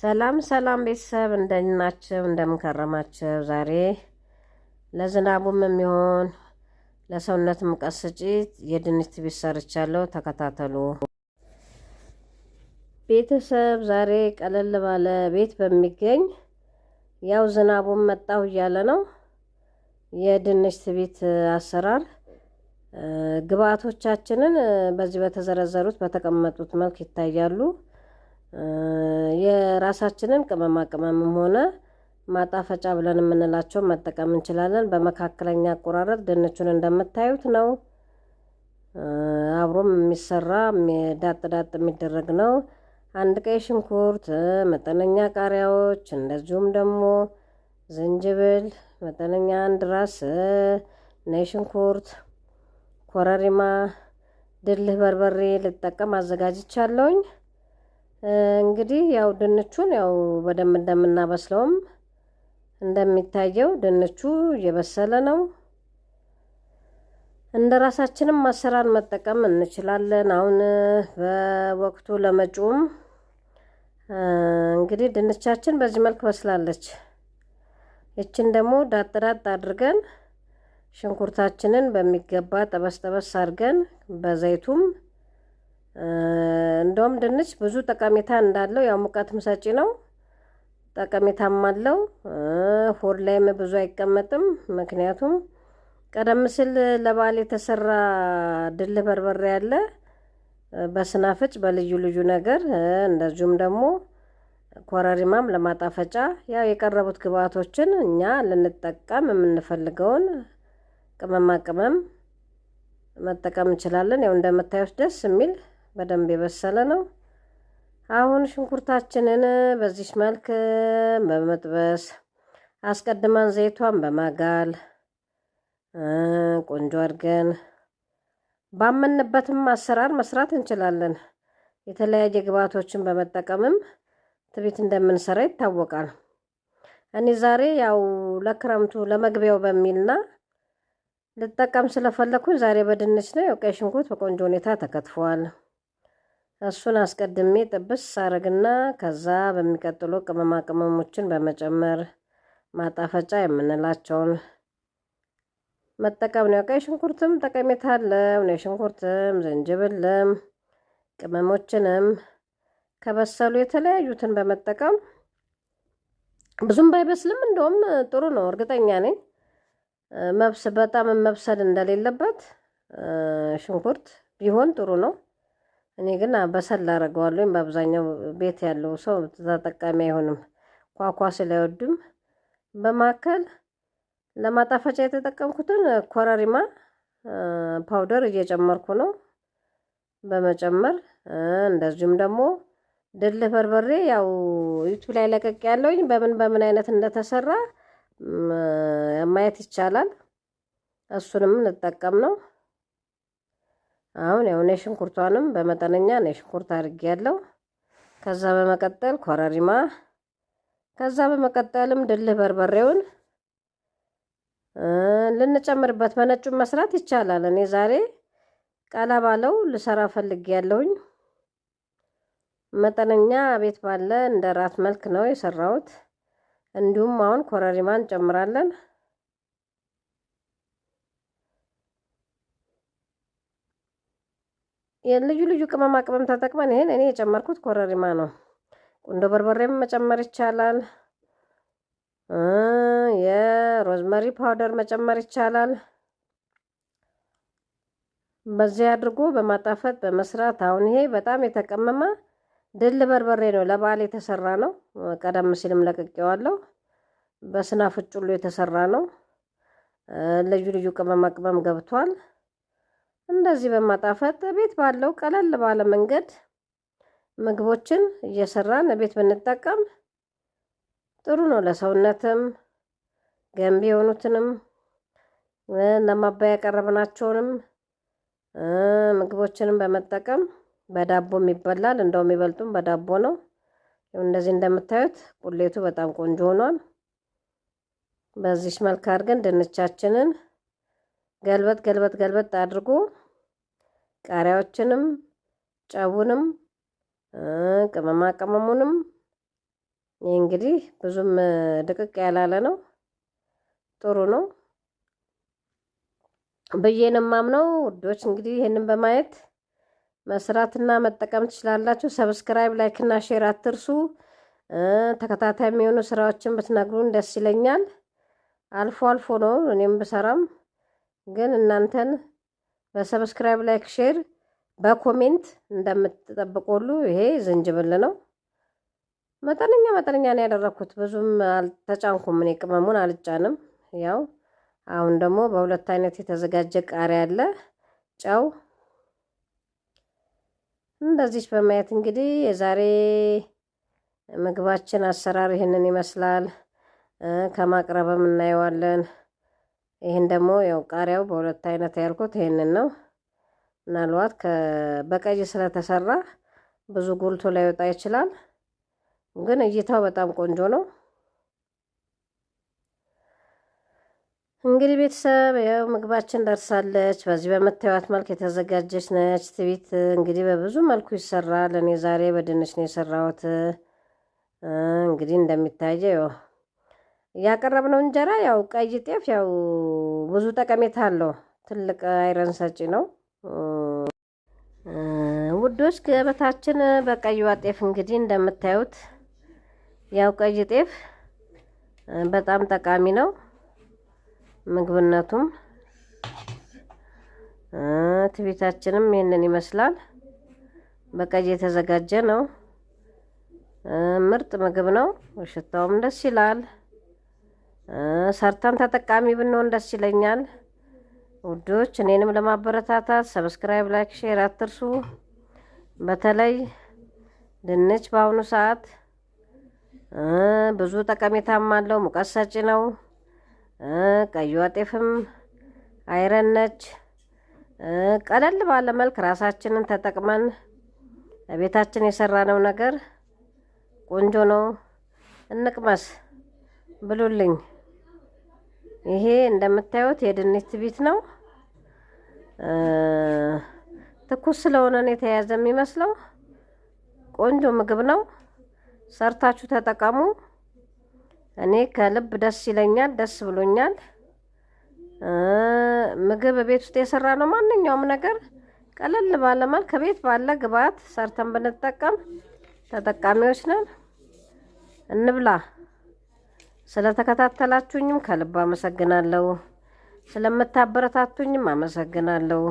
ሰላም ሰላም ቤተሰብ እንደናቸው እንደምንከረማቸው። ዛሬ ለዝናቡም የሚሆን ለሰውነት ሙቀት የድንች ትቢት ሰርቻለሁ። ተከታተሉ ቤተሰብ። ዛሬ ቀለል ባለ ቤት በሚገኝ ያው ዝናቡም መጣሁ እያለ ነው የድንች ትቢት አሰራር ግብአቶቻችንን በዚህ በተዘረዘሩት በተቀመጡት መልክ ይታያሉ። ራሳችንን ቅመማ ቅመምም ሆነ ማጣፈጫ ብለን የምንላቸውን መጠቀም እንችላለን። በመካከለኛ አቆራረጥ ድንቹን እንደምታዩት ነው። አብሮም የሚሰራ ዳጥ ዳጥ የሚደረግ ነው። አንድ ቀይ ሽንኩርት፣ መጠነኛ ቃሪያዎች፣ እንደዚሁም ደግሞ ዝንጅብል፣ መጠነኛ አንድ ራስ ነጭ ሽንኩርት፣ ኮረሪማ፣ ድልህ በርበሬ ልጠቀም አዘጋጅቻለሁኝ። እንግዲህ ያው ድንቹን ያው በደንብ እንደምናበስለውም እንደሚታየው ድንቹ እየበሰለ ነው። እንደ ራሳችንም አሰራር መጠቀም እንችላለን። አሁን በወቅቱ ለመጪውም እንግዲህ ድንቻችን በዚህ መልክ በስላለች። ይችን ደግሞ ዳጥዳጥ አድርገን ሽንኩርታችንን በሚገባ ጠበስ ጠበስ አድርገን በዘይቱም እንደውም ድንች ብዙ ጠቀሜታ እንዳለው ያው ሙቀትም ሰጪ ነው፣ ጠቀሜታም አለው። ሆድ ላይም ብዙ አይቀመጥም። ምክንያቱም ቀደም ሲል ለበዓል የተሰራ ድልህ በርበሬ ያለ በስናፍጭ በልዩ ልዩ ነገር እንደዚሁም ደግሞ ኮረሪማም ለማጣፈጫ ያው የቀረቡት ግብአቶችን እኛ ልንጠቀም የምንፈልገውን ቅመማ ቅመም መጠቀም እንችላለን። ያው እንደምታዩት ደስ የሚል በደንብ የበሰለ ነው። አሁን ሽንኩርታችንን በዚህ መልክ በመጥበስ አስቀድማን ዘይቷን በማጋል ቆንጆ አድርገን ባመንበትም አሰራር መስራት እንችላለን። የተለያየ ግብዓቶችን በመጠቀምም ትቢት እንደምንሰራ ይታወቃል። እኔ ዛሬ ያው ለክረምቱ ለመግቢያው በሚልና ልጠቀም ስለፈለኩኝ ዛሬ በድንች ነው። ያው ቀይ ሽንኩርት በቆንጆ ሁኔታ ተከትፏል። እሱን አስቀድሜ ጥብስ ሳረግና ከዛ በሚቀጥሉ ቅመማ ቅመሞችን በመጨመር ማጣፈጫ የምንላቸውን መጠቀም ነው። ቀይ ሽንኩርትም ጠቀሜታ አለው። ነጭ ሽንኩርትም፣ ዝንጅብልም፣ ቅመሞችንም ከበሰሉ የተለያዩትን በመጠቀም ብዙም ባይበስልም እንደውም ጥሩ ነው። እርግጠኛ ነኝ መብስ በጣም መብሰል እንደሌለበት ሽንኩርት ቢሆን ጥሩ ነው። እኔ ግን በሰል አደርገዋለሁ። በአብዛኛው ቤት ያለው ሰው ተጠቃሚ አይሆንም። ኳኳ ስለወዱም። በማከል ለማጣፈጫ የተጠቀምኩትን ኮረሪማ ፓውደር እየጨመርኩ ነው። በመጨመር እንደዚሁም ደግሞ ድል በርበሬ ያው ዩቱ ላይ ለቀቅ ያለውኝ በምን በምን አይነት እንደተሰራ ማየት ይቻላል። እሱንም እንጠቀም ነው። አሁን ያው ነጭ ሽንኩርቷንም በመጠነኛ ነጭ ሽንኩርት አድርጌያለሁ። ከዛ በመቀጠል ኮረሪማ፣ ከዛ በመቀጠልም ድልህ በርበሬውን ልንጨምርበት በነጩን መስራት ይቻላል። እኔ ዛሬ ቀላ ባለው ልሰራ መጠነኛ ቤት ባለ እንደ ራት መልክ ነው የሰራሁት። እንዲሁም አሁን ኮረሪማ እንጨምራለን። የልዩ ልዩ ቅመማ ቅመም ተጠቅመን ይህን እኔ የጨመርኩት ኮረሪማ ነው። ቁንዶ በርበሬም መጨመር ይቻላል። የሮዝመሪ ፓውደር መጨመር ይቻላል። በዚህ አድርጎ በማጣፈጥ በመስራት አሁን ይሄ በጣም የተቀመመ ድል በርበሬ ነው። ለበዓል የተሰራ ነው። ቀደም ሲልም ለቅቄዋለሁ። በስናፍጭሉ የተሰራ ነው። ልዩ ልዩ ቅመማ ቅመም ገብቷል። እንደዚህ በማጣፈጥ ቤት ባለው ቀለል ባለ መንገድ ምግቦችን እየሰራን ቤት ብንጠቀም ጥሩ ነው። ለሰውነትም ገንቢ የሆኑትንም ለማባያ ያቀረብናቸውንም ምግቦችንም በመጠቀም በዳቦም ይበላል። እንደውም የሚበልጡም በዳቦ ነው። እንደዚህ እንደምታዩት ቁሌቱ በጣም ቆንጆ ሆኗል። በዚህ መልክ አድርገን ድንቻችንን ገልበት ገልበት ገልበት አድርጎ ቃሪያዎችንም ጨውንም ቅመማ ቅመሙንም ይህ እንግዲህ ብዙም ድቅቅ ያላለ ነው፣ ጥሩ ነው ብዬን ማምነው ውዶች። እንግዲህ ይህንን በማየት መስራትና መጠቀም ትችላላችሁ። ሰብስክራይብ፣ ላይክና ሼር አትርሱ። ተከታታይ የሚሆኑ ስራዎችን ብትነግሩን ደስ ይለኛል። አልፎ አልፎ ነው እኔም ብሰራም ግን እናንተን በሰብስክራይብ ላይክ፣ ሼር፣ በኮሜንት እንደምትጠብቁሉ ይሄ ዝንጅብል ነው። መጠነኛ መጠነኛ ነው ያደረኩት። ብዙም አልተጫንኩም። እኔ ቅመሙን አልጫንም። ያው አሁን ደግሞ በሁለት አይነት የተዘጋጀ ቃሪያ አለ፣ ጨው እንደዚች በማየት እንግዲህ የዛሬ ምግባችን አሰራር ይህንን ይመስላል። ከማቅረብም እናየዋለን። ይህን ደግሞ ያው ቃሪያው በሁለት አይነት ያልኩት ይህንን ነው። ምናልባት በቀይ ስለተሰራ ብዙ ጎልቶ ላይወጣ ይችላል፣ ግን እይታው በጣም ቆንጆ ነው። እንግዲህ ቤተሰብ ያው ምግባችን ደርሳለች። በዚህ በምታዩት መልክ የተዘጋጀች ነች። ትቢት እንግዲህ በብዙ መልኩ ይሰራል። እኔ ዛሬ በድንች ነው የሰራሁት። እንግዲህ እንደሚታየው ያቀረብነው እንጀራ ያው ቀይ ጤፍ ያው ብዙ ጠቀሜታ አለው። ትልቅ አይረን ሰጪ ነው። ውዶች ገበታችን በቀይዋ ጤፍ እንግዲህ እንደምታዩት ያው ቀይ ጤፍ በጣም ጠቃሚ ነው። ምግብነቱም ትቤታችንም ይህንን ይመስላል። በቀይ የተዘጋጀ ነው። ምርጥ ምግብ ነው። ሽታውም ደስ ይላል። ሰርተን ተጠቃሚ ብንሆን ደስ ይለኛል። ውዶች እኔንም ለማበረታታት ሰብስክራይብ፣ ላይክ፣ ሼር አትርሱ። በተለይ ድንች በአሁኑ ሰዓት ብዙ ጠቀሜታም አለው። ሙቀት ሰጪ ነው። ቀይ ወጤፍም አይረን ነች። ቀለል ባለ መልክ ራሳችንን ተጠቅመን ቤታችን የሰራነው ነገር ቆንጆ ነው። እንቅመስ ብሉልኝ። ይሄ እንደምታዩት የድንች ትቢት ነው። ትኩስ ስለሆነ ነው የተያዘ የሚመስለው። ቆንጆ ምግብ ነው። ሰርታችሁ ተጠቀሙ። እኔ ከልብ ደስ ይለኛል፣ ደስ ብሎኛል። ምግብ ቤት ውስጥ የሰራ ነው። ማንኛውም ነገር ቀለል ባለ መልክ ከቤት ባለ ግብአት ሰርተን ብንጠቀም ተጠቃሚዎች ነን። እንብላ። ስለተከታተላችሁኝም ከልብ አመሰግናለሁ። ስለምታበረታቱኝም አመሰግናለሁ።